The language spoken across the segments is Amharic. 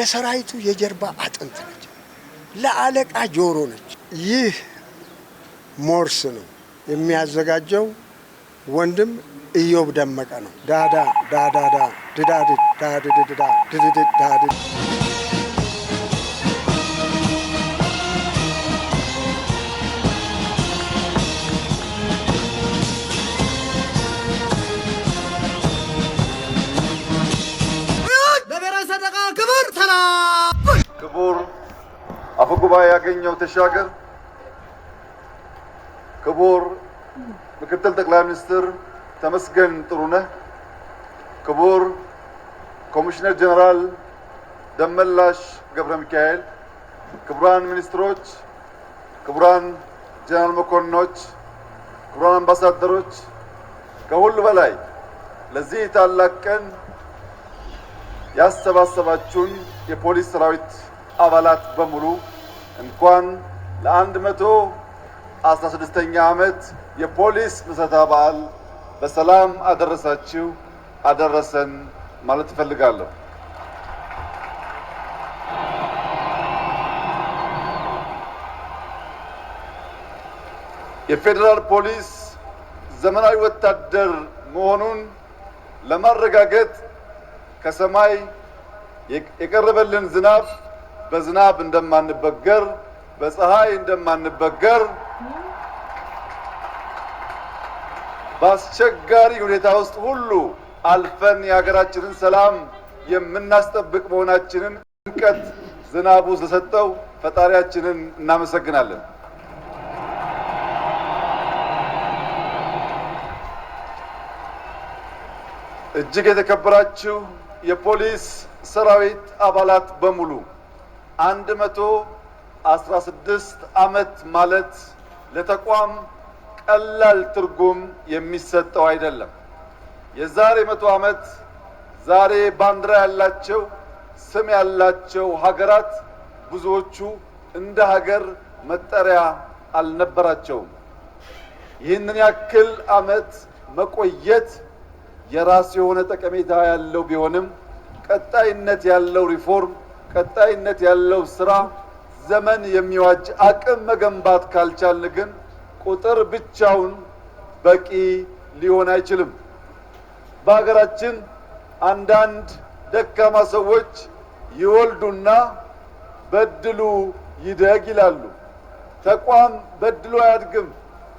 ለሰራዊቱ የጀርባ አጥንት ነች፣ ለአለቃ ጆሮ ነች። ይህ ሞርስ ነው። የሚያዘጋጀው ወንድም እዮብ ደመቀ ነው። ዳዳ ዳዳዳ ድዳድድ ዳድድዳ ድድድድ ዳድድ ጉባኤ ያገኘው ተሻገር ክቡር ምክትል ጠቅላይ ሚኒስትር ተመስገን ጥሩነህ፣ ክቡር ኮሚሽነር ጀነራል ደመላሽ ገብረ ሚካኤል፣ ክቡራን ሚኒስትሮች፣ ክቡራን ጀነራል መኮንኖች፣ ክቡራን አምባሳደሮች፣ ከሁሉ በላይ ለዚህ ታላቅ ቀን ያሰባሰባችሁን የፖሊስ ሰራዊት አባላት በሙሉ እንኳን ለአንድ መቶ አስራ ስድስተኛ ዓመት የፖሊስ ምስረታ በዓል በሰላም አደረሳችሁ አደረሰን ማለት እፈልጋለሁ። የፌዴራል ፖሊስ ዘመናዊ ወታደር መሆኑን ለማረጋገጥ ከሰማይ የቀረበልን ዝናብ በዝናብ እንደማንበገር፣ በፀሐይ እንደማንበገር፣ በአስቸጋሪ ሁኔታ ውስጥ ሁሉ አልፈን የሀገራችንን ሰላም የምናስጠብቅ መሆናችንን ድምቀት ዝናቡ ስለሰጠው ፈጣሪያችንን እናመሰግናለን። እጅግ የተከበራችሁ የፖሊስ ሰራዊት አባላት በሙሉ አንድ መቶ አስራ ስድስት ዓመት ማለት ለተቋም ቀላል ትርጉም የሚሰጠው አይደለም። የዛሬ መቶ ዓመት ዛሬ ባንዲራ ያላቸው ስም ያላቸው ሀገራት ብዙዎቹ እንደ ሀገር መጠሪያ አልነበራቸውም። ይህንን ያክል ዓመት መቆየት የራሱ የሆነ ጠቀሜታ ያለው ቢሆንም ቀጣይነት ያለው ሪፎርም ቀጣይነት ያለው ስራ ዘመን የሚዋጅ አቅም መገንባት ካልቻልን ግን ቁጥር ብቻውን በቂ ሊሆን አይችልም። በሀገራችን አንዳንድ ደካማ ሰዎች ይወልዱና በድሉ ይደግ ይላሉ። ተቋም በድሎ አያድግም።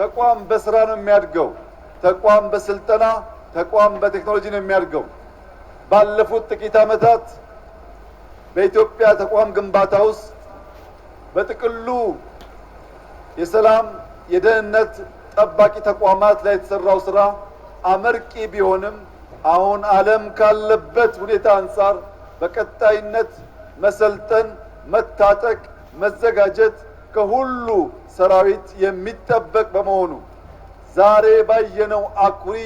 ተቋም በስራ ነው የሚያድገው። ተቋም በስልጠና ተቋም በቴክኖሎጂ ነው የሚያድገው። ባለፉት ጥቂት ዓመታት በኢትዮጵያ ተቋም ግንባታ ውስጥ በጥቅሉ የሰላም የደህንነት ጠባቂ ተቋማት ላይ የተሰራው ስራ አመርቂ ቢሆንም አሁን ዓለም ካለበት ሁኔታ አንጻር በቀጣይነት መሰልጠን፣ መታጠቅ፣ መዘጋጀት ከሁሉ ሰራዊት የሚጠበቅ በመሆኑ ዛሬ ባየነው አኩሪ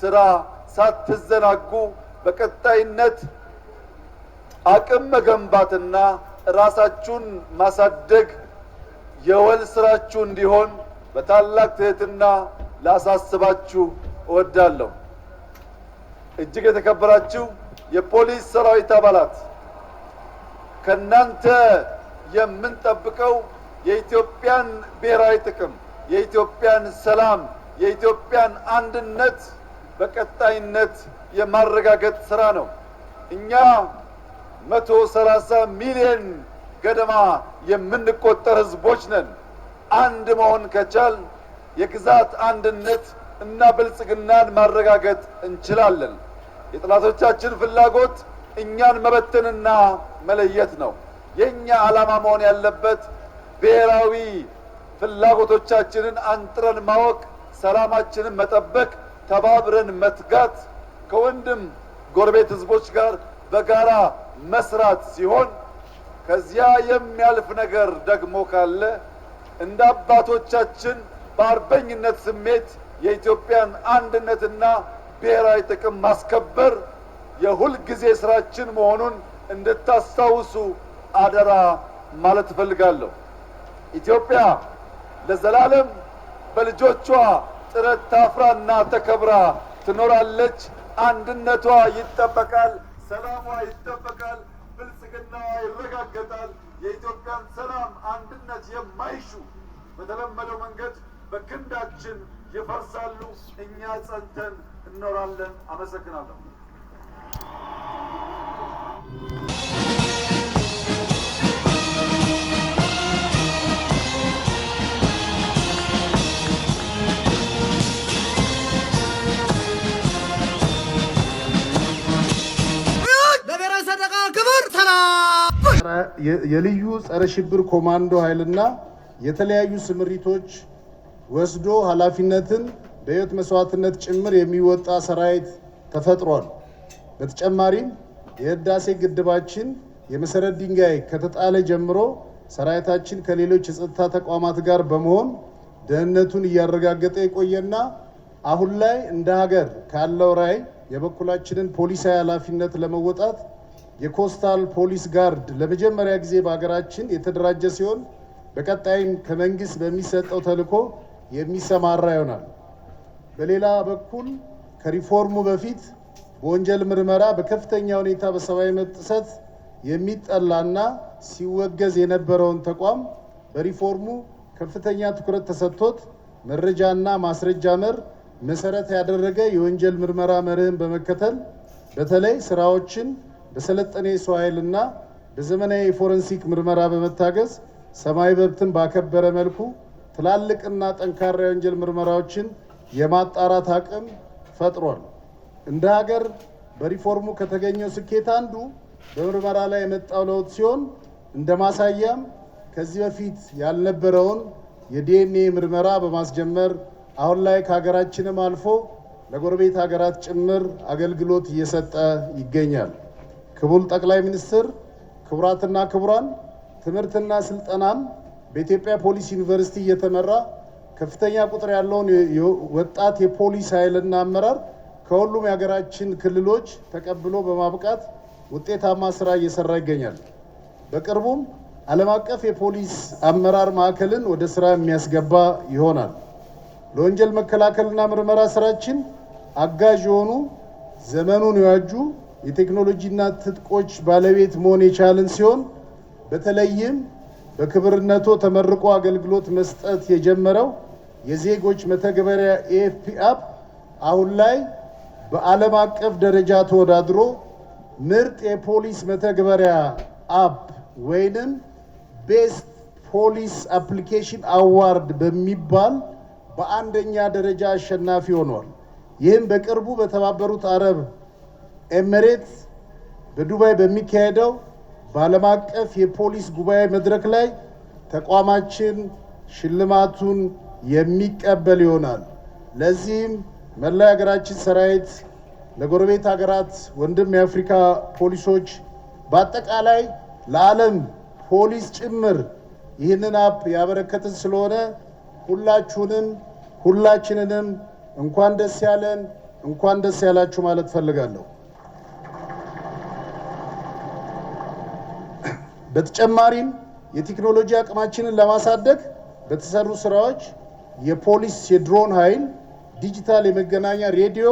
ስራ ሳትዘናጉ በቀጣይነት አቅም መገንባትና ራሳችሁን ማሳደግ የወል ስራችሁ እንዲሆን በታላቅ ትህትና ላሳስባችሁ እወዳለሁ። እጅግ የተከበራችሁ የፖሊስ ሰራዊት አባላት ከእናንተ የምንጠብቀው የኢትዮጵያን ብሔራዊ ጥቅም፣ የኢትዮጵያን ሰላም፣ የኢትዮጵያን አንድነት በቀጣይነት የማረጋገጥ ስራ ነው። እኛ መቶ ሰላሳ ሚሊዮን ገደማ የምንቆጠር ህዝቦች ነን። አንድ መሆን ከቻል የግዛት አንድነት እና ብልጽግናን ማረጋገጥ እንችላለን። የጠላቶቻችን ፍላጎት እኛን መበተንና መለየት ነው። የእኛ ዓላማ መሆን ያለበት ብሔራዊ ፍላጎቶቻችንን አንጥረን ማወቅ፣ ሰላማችንን መጠበቅ፣ ተባብረን መትጋት ከወንድም ጎረቤት ህዝቦች ጋር በጋራ መስራት ሲሆን ከዚያ የሚያልፍ ነገር ደግሞ ካለ እንደ አባቶቻችን በአርበኝነት ስሜት የኢትዮጵያን አንድነትና ብሔራዊ ጥቅም ማስከበር የሁል ጊዜ ስራችን መሆኑን እንድታስታውሱ አደራ ማለት እፈልጋለሁ። ኢትዮጵያ ለዘላለም በልጆቿ ጥረት ታፍራና ተከብራ ትኖራለች። አንድነቷ ይጠበቃል። ሰላሟ ይጠበቃል፣ ብልጽግና ይረጋገጣል። የኢትዮጵያን ሰላም አንድነት የማይሹ በተለመደው መንገድ በክንዳችን ይፈርሳሉ። እኛ ጸንተን እኖራለን። አመሰግናለሁ። የልዩ ጸረ ሽብር ኮማንዶ ኃይልና የተለያዩ ስምሪቶች ወስዶ ኃላፊነትን በህይወት መስዋዕትነት ጭምር የሚወጣ ሰራዊት ተፈጥሯል። በተጨማሪም የህዳሴ ግድባችን የመሰረት ድንጋይ ከተጣለ ጀምሮ ሰራዊታችን ከሌሎች የጸጥታ ተቋማት ጋር በመሆን ደህንነቱን እያረጋገጠ የቆየና አሁን ላይ እንደ ሀገር ካለው ራዕይ የበኩላችንን ፖሊሳዊ ኃላፊነት ለመወጣት የኮስታል ፖሊስ ጋርድ ለመጀመሪያ ጊዜ በሀገራችን የተደራጀ ሲሆን በቀጣይም ከመንግስት በሚሰጠው ተልዕኮ የሚሰማራ ይሆናል። በሌላ በኩል ከሪፎርሙ በፊት በወንጀል ምርመራ በከፍተኛ ሁኔታ በሰብአዊ መብት ጥሰት የሚጠላና ሲወገዝ የነበረውን ተቋም በሪፎርሙ ከፍተኛ ትኩረት ተሰጥቶት መረጃና ማስረጃ መር መሰረት ያደረገ የወንጀል ምርመራ መርህን በመከተል በተለይ ስራዎችን በሰለጠነ የሰው ኃይልና በዘመናዊ የፎረንሲክ ምርመራ በመታገዝ ሰብአዊ መብትን ባከበረ መልኩ ትላልቅና ጠንካራ የወንጀል ምርመራዎችን የማጣራት አቅም ፈጥሯል። እንደ ሀገር በሪፎርሙ ከተገኘው ስኬት አንዱ በምርመራ ላይ የመጣው ለውጥ ሲሆን እንደ ማሳያም ከዚህ በፊት ያልነበረውን የዲኤንኤ ምርመራ በማስጀመር አሁን ላይ ከሀገራችንም አልፎ ለጎረቤት ሀገራት ጭምር አገልግሎት እየሰጠ ይገኛል። ክቡር ጠቅላይ ሚኒስትር፣ ክቡራትና ክቡራን፣ ትምህርትና ስልጠናም በኢትዮጵያ ፖሊስ ዩኒቨርሲቲ እየተመራ ከፍተኛ ቁጥር ያለውን ወጣት የፖሊስ ኃይልና አመራር ከሁሉም የሀገራችን ክልሎች ተቀብሎ በማብቃት ውጤታማ ስራ እየሰራ ይገኛል። በቅርቡም ዓለም አቀፍ የፖሊስ አመራር ማዕከልን ወደ ስራ የሚያስገባ ይሆናል። ለወንጀል መከላከልና ምርመራ ስራችን አጋዥ የሆኑ ዘመኑን የዋጁ የቴክኖሎጂና ትጥቆች ባለቤት መሆን የቻልን ሲሆን በተለይም በክብርነቶ ተመርቆ አገልግሎት መስጠት የጀመረው የዜጎች መተግበሪያ ኤኤፍፒ አፕ አሁን ላይ በዓለም አቀፍ ደረጃ ተወዳድሮ ምርጥ የፖሊስ መተግበሪያ አፕ ወይንም ቤስት ፖሊስ አፕሊኬሽን አዋርድ በሚባል በአንደኛ ደረጃ አሸናፊ ሆኗል። ይህም በቅርቡ በተባበሩት አረብ ኤሜሬትስ በዱባይ በሚካሄደው በዓለም አቀፍ የፖሊስ ጉባኤ መድረክ ላይ ተቋማችን ሽልማቱን የሚቀበል ይሆናል። ለዚህም መላ ሀገራችን ሰራዊት፣ ለጎረቤት ሀገራት ወንድም የአፍሪካ ፖሊሶች፣ በአጠቃላይ ለዓለም ፖሊስ ጭምር ይህንን አፕ ያበረከትን ስለሆነ ሁላችሁንም ሁላችንንም እንኳን ደስ ያለን እንኳን ደስ ያላችሁ ማለት ፈልጋለሁ። በተጨማሪም የቴክኖሎጂ አቅማችንን ለማሳደግ በተሰሩ ስራዎች የፖሊስ የድሮን ኃይል፣ ዲጂታል የመገናኛ ሬዲዮ፣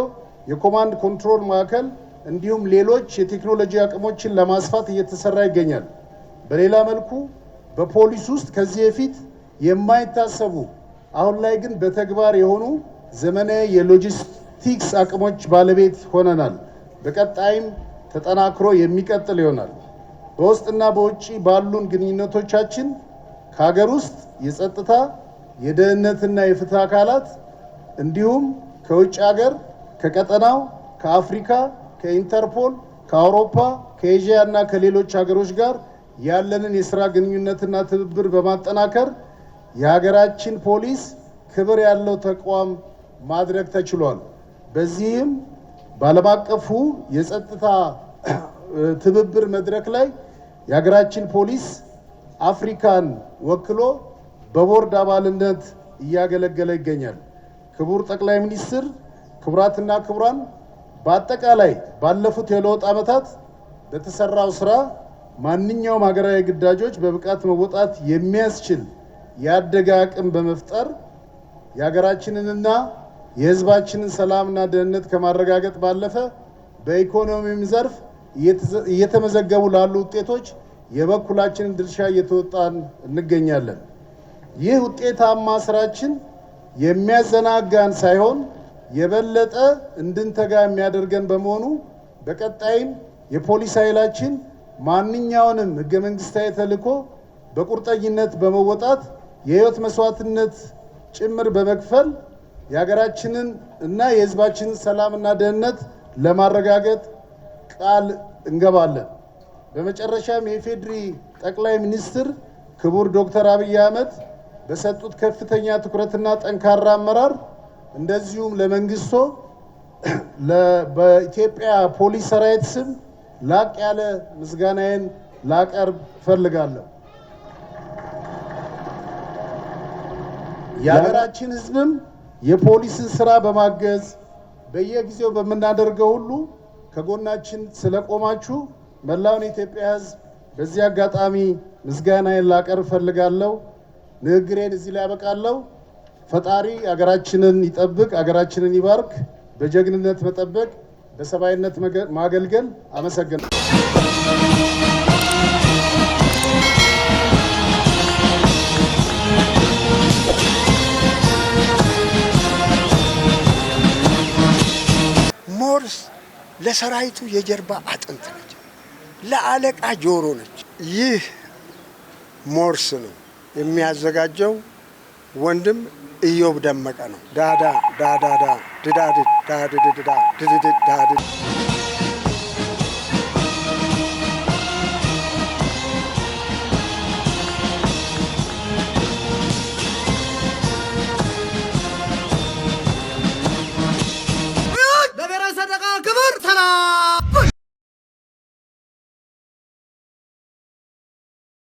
የኮማንድ ኮንትሮል ማዕከል እንዲሁም ሌሎች የቴክኖሎጂ አቅሞችን ለማስፋት እየተሰራ ይገኛል። በሌላ መልኩ በፖሊስ ውስጥ ከዚህ በፊት የማይታሰቡ አሁን ላይ ግን በተግባር የሆኑ ዘመናዊ የሎጂስቲክስ አቅሞች ባለቤት ሆነናል። በቀጣይም ተጠናክሮ የሚቀጥል ይሆናል። በውስጥና በውጭ ባሉን ግንኙነቶቻችን ከሀገር ውስጥ የጸጥታ የደህንነትና የፍትህ አካላት እንዲሁም ከውጭ ሀገር ከቀጠናው ከአፍሪካ ከኢንተርፖል ከአውሮፓ ከኤዥያ እና ከሌሎች ሀገሮች ጋር ያለንን የስራ ግንኙነትና ትብብር በማጠናከር የሀገራችን ፖሊስ ክብር ያለው ተቋም ማድረግ ተችሏል። በዚህም ባለም አቀፉ የጸጥታ ትብብር መድረክ ላይ የሀገራችን ፖሊስ አፍሪካን ወክሎ በቦርድ አባልነት እያገለገለ ይገኛል። ክቡር ጠቅላይ ሚኒስትር፣ ክቡራትና ክቡራን፣ በአጠቃላይ ባለፉት የለውጥ ዓመታት በተሰራው ስራ ማንኛውም ሀገራዊ ግዳጆች በብቃት መወጣት የሚያስችል ያደገ አቅም በመፍጠር የሀገራችንንና የሕዝባችንን ሰላምና ደህንነት ከማረጋገጥ ባለፈ በኢኮኖሚም ዘርፍ እየተመዘገቡ ላሉ ውጤቶች የበኩላችንን ድርሻ እየተወጣን እንገኛለን። ይህ ውጤታማ ስራችን የሚያዘናጋን ሳይሆን የበለጠ እንድንተጋ የሚያደርገን በመሆኑ በቀጣይም የፖሊስ ኃይላችን ማንኛውንም ህገ መንግስታዊ ተልዕኮ በቁርጠኝነት በመወጣት የህይወት መስዋዕትነት ጭምር በመክፈል የሀገራችንን እና የህዝባችንን ሰላምና ደህንነት ለማረጋገጥ ቃል እንገባለን። በመጨረሻም የኢፌዴሪ ጠቅላይ ሚኒስትር ክቡር ዶክተር አብይ አህመድ በሰጡት ከፍተኛ ትኩረትና ጠንካራ አመራር እንደዚሁም ለመንግስቶ በኢትዮጵያ ፖሊስ ሰራዊት ስም ላቅ ያለ ምስጋናዬን ላቀርብ እፈልጋለሁ። የሀገራችን ሕዝብም የፖሊስን ስራ በማገዝ በየጊዜው በምናደርገው ሁሉ ከጎናችን ስለቆማችሁ መላውን የኢትዮጵያ ህዝብ በዚህ አጋጣሚ ምስጋናዬን ላቀርብ ፈልጋለሁ ንግግሬን እዚህ ላይ ያበቃለሁ። ፈጣሪ አገራችንን ይጠብቅ፣ አገራችንን ይባርክ። በጀግንነት መጠበቅ፣ በሰብአዊነት ማገልገል። አመሰግናለሁ። ለሰራዊቱ የጀርባ አጥንት ነች፣ ለአለቃ ጆሮ ነች። ይህ ሞርስ ነው የሚያዘጋጀው። ወንድም እዮብ ደመቀ ነው። ዳዳ ዳዳዳ ድዳድ ዳድድድዳ ድድድ ዳድድ